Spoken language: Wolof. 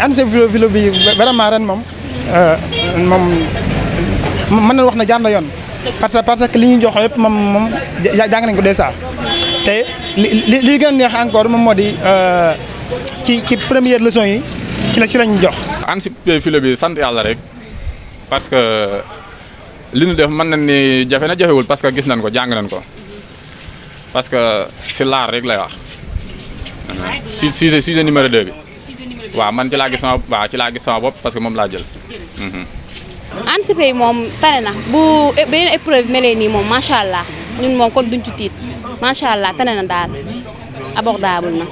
ANACIM vélo bi vraiment ren moom euh, moom mën na wax na jaar na yoon. parce que parce que li ñuy jox yëpp moom moom jàng nañ ko dèjà te li li gën a neex encore moom moo di euh, ci ci première leçon yi ci la ci lañ jox. ANACIM filo bi sant yàlla rek parce que li ñu def mën nañ ni jafe na jafewul parce que gis nañ ko jàng nañ ko parce que si laar rek lay wax. sujet sujet numéro 2 bi. waaw man ci laa gis sama waaw ci laa gis sama bopp parce que moom laa jël. Mhm. anticipé yi moom tane na bu e, beneen épreuve nii moom macha allah ñun moom kon duñ ci tiit macha allah tane na daal abordable na.